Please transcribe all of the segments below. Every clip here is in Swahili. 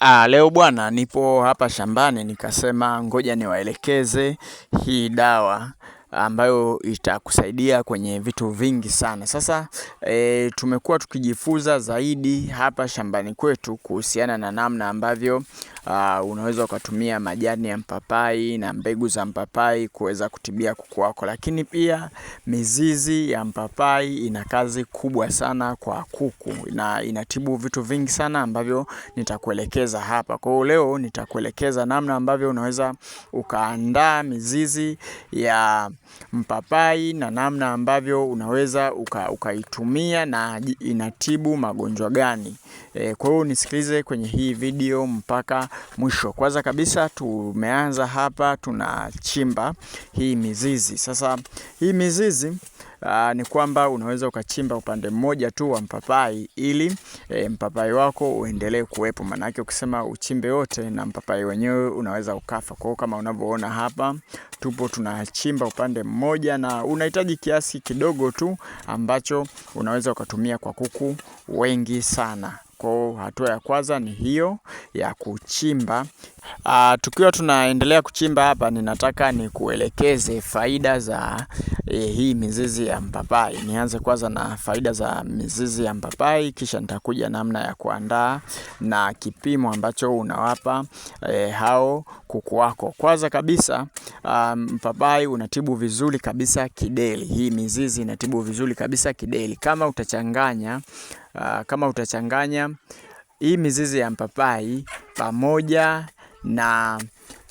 Aa, ah, leo bwana nipo hapa shambani nikasema ngoja niwaelekeze hii dawa ambayo itakusaidia kwenye vitu vingi sana. Sasa e, tumekuwa tukijifunza zaidi hapa shambani kwetu kuhusiana na namna ambavyo uh, unaweza ukatumia majani ya mpapai na mbegu za mpapai kuweza kutibia kuku wako, lakini pia mizizi ya mpapai ina kazi kubwa sana kwa kuku na inatibu vitu vingi sana ambavyo nitakuelekeza hapa. Kwa hiyo leo nitakuelekeza namna ambavyo unaweza ukaandaa mizizi ya mpapai na namna ambavyo unaweza ukaitumia uka na inatibu magonjwa gani. E, kwa hiyo nisikilize kwenye hii video mpaka mwisho. Kwanza kabisa tumeanza hapa tunachimba hii mizizi. Sasa hii mizizi aa, ah, ni kwamba unaweza ukachimba upande mmoja tu wa mpapai ili e, mpapai wako uendelee kuwepo. Maanake ukisema uchimbe wote na mpapai wenyewe unaweza ukafa. Kwa hiyo kama unavyoona hapa, tupo tunachimba upande mmoja, na unahitaji kiasi kidogo tu ambacho unaweza ukatumia kwa kuku wengi sana. Kwa hatua ya kwanza ni hiyo ya kuchimba Uh, tukiwa tunaendelea kuchimba hapa, ninataka nikuelekeze faida za eh, hii mizizi ya mpapai. Nianze kwanza na faida za mizizi ya mpapai, kisha nitakuja namna ya kuandaa na kipimo ambacho unawapa eh, hao kuku wako. Kwanza kabisa ah, mpapai um, unatibu vizuri kabisa kideli Hii mizizi inatibu vizuri kabisa kideli kama utachanganya uh, kama utachanganya hii mizizi ya mpapai pamoja na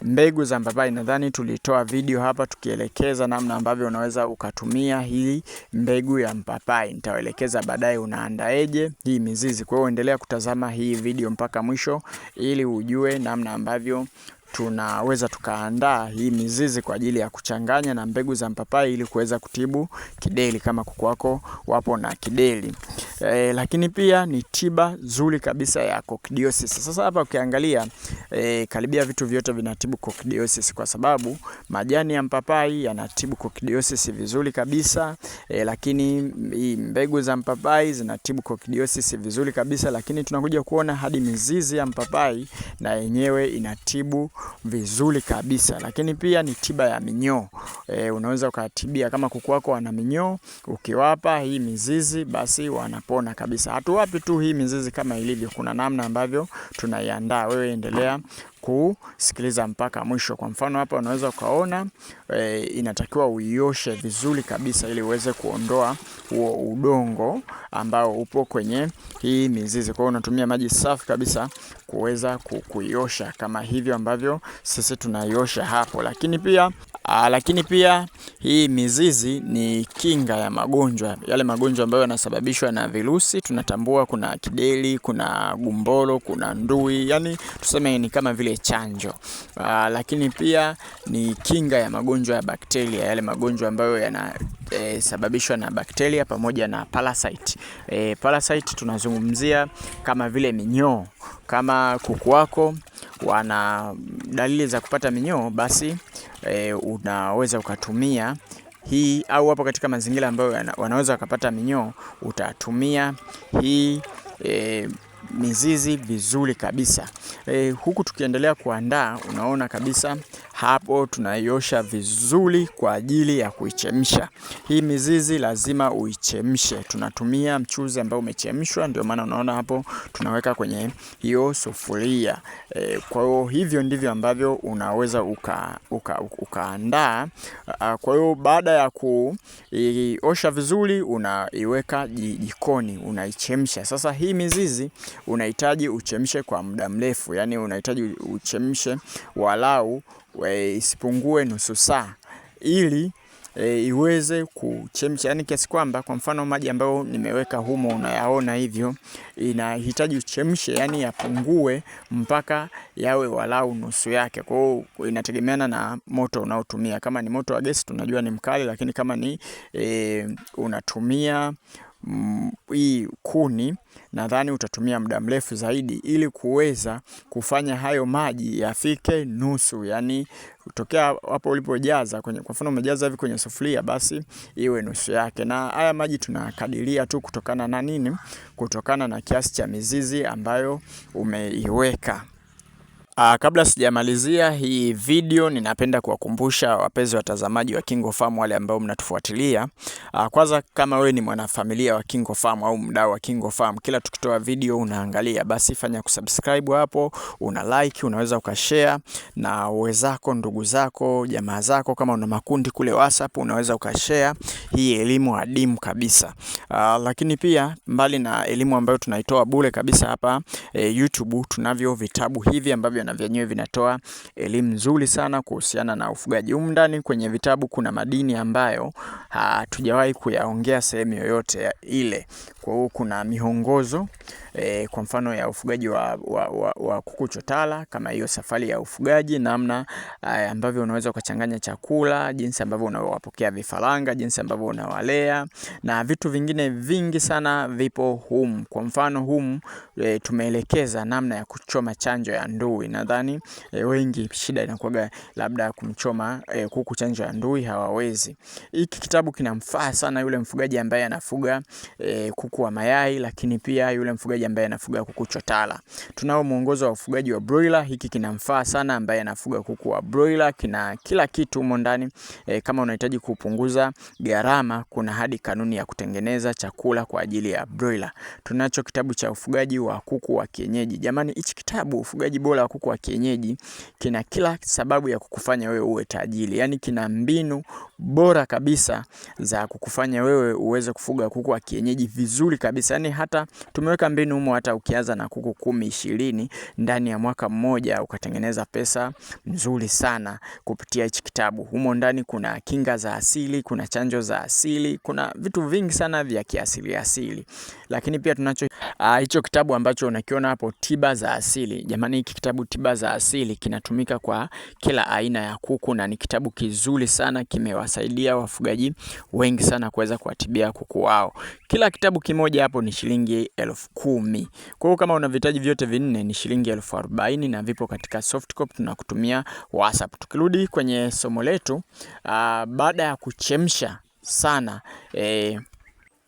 mbegu za mpapai. Nadhani tulitoa video hapa tukielekeza namna ambavyo unaweza ukatumia hii mbegu ya mpapai. Nitaelekeza baadaye unaandaeje hii mizizi. Kwa hiyo endelea kutazama hii video mpaka mwisho ili ujue namna ambavyo tunaweza tukaandaa hii mizizi kwa ajili ya kuchanganya na mbegu za mpapai ili kuweza kutibu kideli kama kuku wako wapo na kideli e, lakini pia ni tiba nzuri kabisa ya coccidiosis. Sasa hapa ukiangalia e, karibia vitu vyote vinatibu coccidiosis kwa sababu majani ya mpapai yanatibu coccidiosis vizuri kabisa e, lakini mbegu za mpapai zinatibu coccidiosis vizuri kabisa, lakini tunakuja kuona hadi mizizi ya mpapai na yenyewe inatibu vizuri kabisa, lakini pia ni tiba ya minyoo e, unaweza ukatibia kama kuku wako wana minyoo, ukiwapa hii mizizi basi wana utapona kabisa. Hatuwapi tu hii mizizi kama ilivyo, kuna namna ambavyo tunaiandaa. Wewe endelea kusikiliza mpaka mwisho. Kwa mfano hapa unaweza ukaona e, inatakiwa uioshe vizuri kabisa ili uweze kuondoa huo udongo ambao upo kwenye hii mizizi. Kwa hiyo unatumia maji safi kabisa kuweza kuiosha kama hivyo ambavyo sisi tunaiosha hapo, lakini pia Aa, ah, lakini pia hii mizizi ni kinga ya magonjwa, yale magonjwa ambayo yanasababishwa na virusi. Tunatambua kuna kideli kuna gumboro, kuna ndui, yani tuseme ni kama vile chanjo. Aa, ah, lakini pia ni kinga ya magonjwa ya bakteria, yale magonjwa ambayo yanasababishwa eh, e, na bakteria pamoja na parasite. E, parasite tunazungumzia kama vile minyoo. Kama kuku wako wana dalili za kupata minyoo, basi e, unaweza ukatumia hii au wapo katika mazingira ambayo wanaweza wakapata minyoo, utatumia hii e, mizizi vizuri kabisa. E, huku tukiendelea kuandaa, unaona kabisa hapo tunaiosha vizuri kwa ajili ya kuichemsha. Hii mizizi lazima uichemshe, tunatumia mchuzi ambao umechemshwa, ndio maana unaona hapo tunaweka kwenye hiyo sufuria e. Kwa hiyo hivyo ndivyo ambavyo unaweza ukaandaa uka, uka. Kwa hiyo baada ya kuiosha vizuri, unaiweka jikoni, unaichemsha. Sasa hii mizizi unahitaji uchemshe kwa muda mrefu, yani unahitaji uchemshe walau we, eh, isipungue nusu saa ili e, iweze kuchemsha, yani kiasi kwamba kwa mfano maji ambayo nimeweka humo unayaona hivyo, inahitaji uchemshe, yani yapungue mpaka yawe walau nusu yake. Kwa hiyo inategemeana na moto unaotumia. Kama ni moto wa gesi tunajua ni mkali, lakini kama ni e, unatumia Mm, hii kuni, nadhani utatumia muda mrefu zaidi ili kuweza kufanya hayo maji yafike nusu, yani kutokea hapo ulipojaza kwenye, kwa mfano umejaza hivi kwenye sufuria, basi iwe nusu yake. Na haya maji tunakadiria tu kutokana na nini? Kutokana na kiasi cha mizizi ambayo umeiweka. Aa, ah, kabla sijamalizia hii video ninapenda kuwakumbusha wapenzi watazamaji wa Kingo Farm wale ambao mnatufuatilia. Aa, ah, kwanza kama wewe ni mwanafamilia wa Kingo Farm au mdau wa Kingo Farm, kila tukitoa video unaangalia, basi fanya kusubscribe hapo, una like, unaweza ukashare na wenzako, ndugu zako, jamaa zako, kama una makundi kule WhatsApp unaweza ukashare hii elimu adimu kabisa. Aa, ah, lakini pia mbali na elimu ambayo tunaitoa bure kabisa hapa e, YouTube tunavyo vitabu hivi ambavyo na vyenyewe vinatoa elimu nzuri sana kuhusiana na ufugaji. Humu ndani kwenye vitabu kuna madini ambayo ah, hatujawahi kuyaongea sehemu yoyote ile. Kwa hiyo kuna miongozo e, kwa mfano ya ufugaji wa, wa, wa, wa kuku chotara, kama hiyo safari ya ufugaji, namna eh, ambavyo unaweza ukachanganya chakula, jinsi ambavyo unawapokea vifaranga, jinsi ambavyo unawalea na vitu vingine vingi sana vipo humu. Kwa mfano humu e, tumeelekeza namna ya kuchoma chanjo ya ndui. Nadhani e, wengi shida inakuwa labda kumchoma e, kuku chanjo ya ndui hawawezi. Hiki kitabu kinamfaa sana yule mfugaji ambaye anafuga e, kuku wa mayai, lakini pia yule mfugaji mfugaji ambaye anafuga kuku chotara. Tunao mwongozo wa ufugaji wa broiler, hiki kinamfaa sana ambaye anafuga kuku wa broiler, kina kila kitu humo ndani e, kama unahitaji kupunguza gharama, kuna hadi kanuni ya kutengeneza chakula kwa ajili ya broiler. Tunacho kitabu cha ufugaji wa kuku wa kienyeji. Jamani, hichi kitabu ufugaji bora wa kuku wa kienyeji kina kila sababu ya kukufanya wewe uwe tajiri, yaani kina mbinu bora kabisa za kukufanya wewe uweze kufuga kuku wa kienyeji vizuri kabisa, yaani hata tumeweka mbinu humo hata ukianza na kuku kumi ishirini ndani ya mwaka mmoja ukatengeneza pesa nzuri sana kupitia hichi kitabu. Humo ndani kuna kinga za asili, kuna chanjo za asili, kuna vitu vingi sana vya kiasili asili lakini pia tunacho ah, hicho uh, kitabu ambacho unakiona hapo tiba za asili. Jamani, hiki kitabu tiba za asili kinatumika kwa kila aina ya kuku na ni kitabu kizuri sana, kimewasaidia wafugaji wengi sana kuweza kuwatibia kuku wao. Kila kitabu kimoja hapo ni shilingi elfu kumi. Kwa hiyo kama una vitaji vyote vinne ni shilingi elfu arobaini na vipo katika soft copy tunakutumia WhatsApp. Tukirudi kwenye somo letu, uh, baada ya kuchemsha sana eh,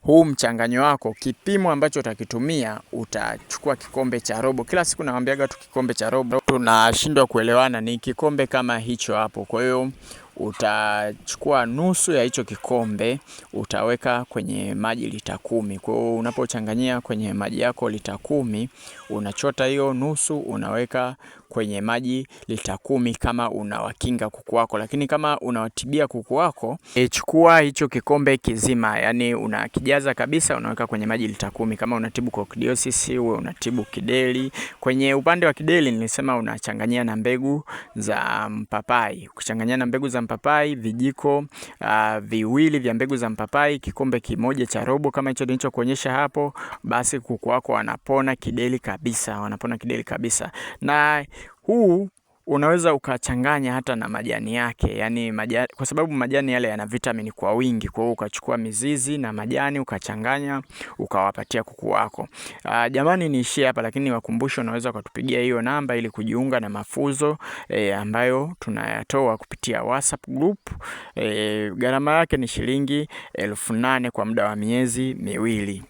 huu mchanganyo wako, kipimo ambacho utakitumia, utachukua kikombe cha robo. Kila siku nawaambiaga tu kikombe cha robo, tunashindwa kuelewana. Ni kikombe kama hicho hapo. Kwa hiyo utachukua nusu ya hicho kikombe utaweka kwenye maji lita kumi. Kwa hiyo unapochanganyia kwenye maji yako lita kumi, unachota hiyo nusu unaweka kwenye maji lita kumi kama unawakinga kuku wako, lakini kama unawatibia kuku wako, e, chukua hicho kikombe kizima, yani unakijaza kabisa, unaweka kwenye maji lita kumi. Kama unatibu coccidiosis, uwe unatibu kideli. Kwenye upande wa kideli nilisema unachanganyia na mbegu za mpapai. Ukichanganyia na mbegu za mpapai vijiko uh, viwili vya mbegu za mpapai, kikombe kimoja cha robo, kama hicho nilichokuonyesha hapo, basi kuku wako wanapona kideli kabisa, wanapona kideli kabisa na huu unaweza ukachanganya hata na majani yake, yani maja, kwa sababu majani yale yana vitamini kwa wingi. Kwa hiyo ukachukua mizizi na majani ukachanganya ukawapatia kuku wako. Uh, jamani niishie hapa, lakini wakumbushe, unaweza ukatupigia hiyo namba ili kujiunga na mafunzo e, ambayo tunayatoa kupitia WhatsApp group e, gharama yake ni shilingi elfu nane kwa muda wa miezi miwili.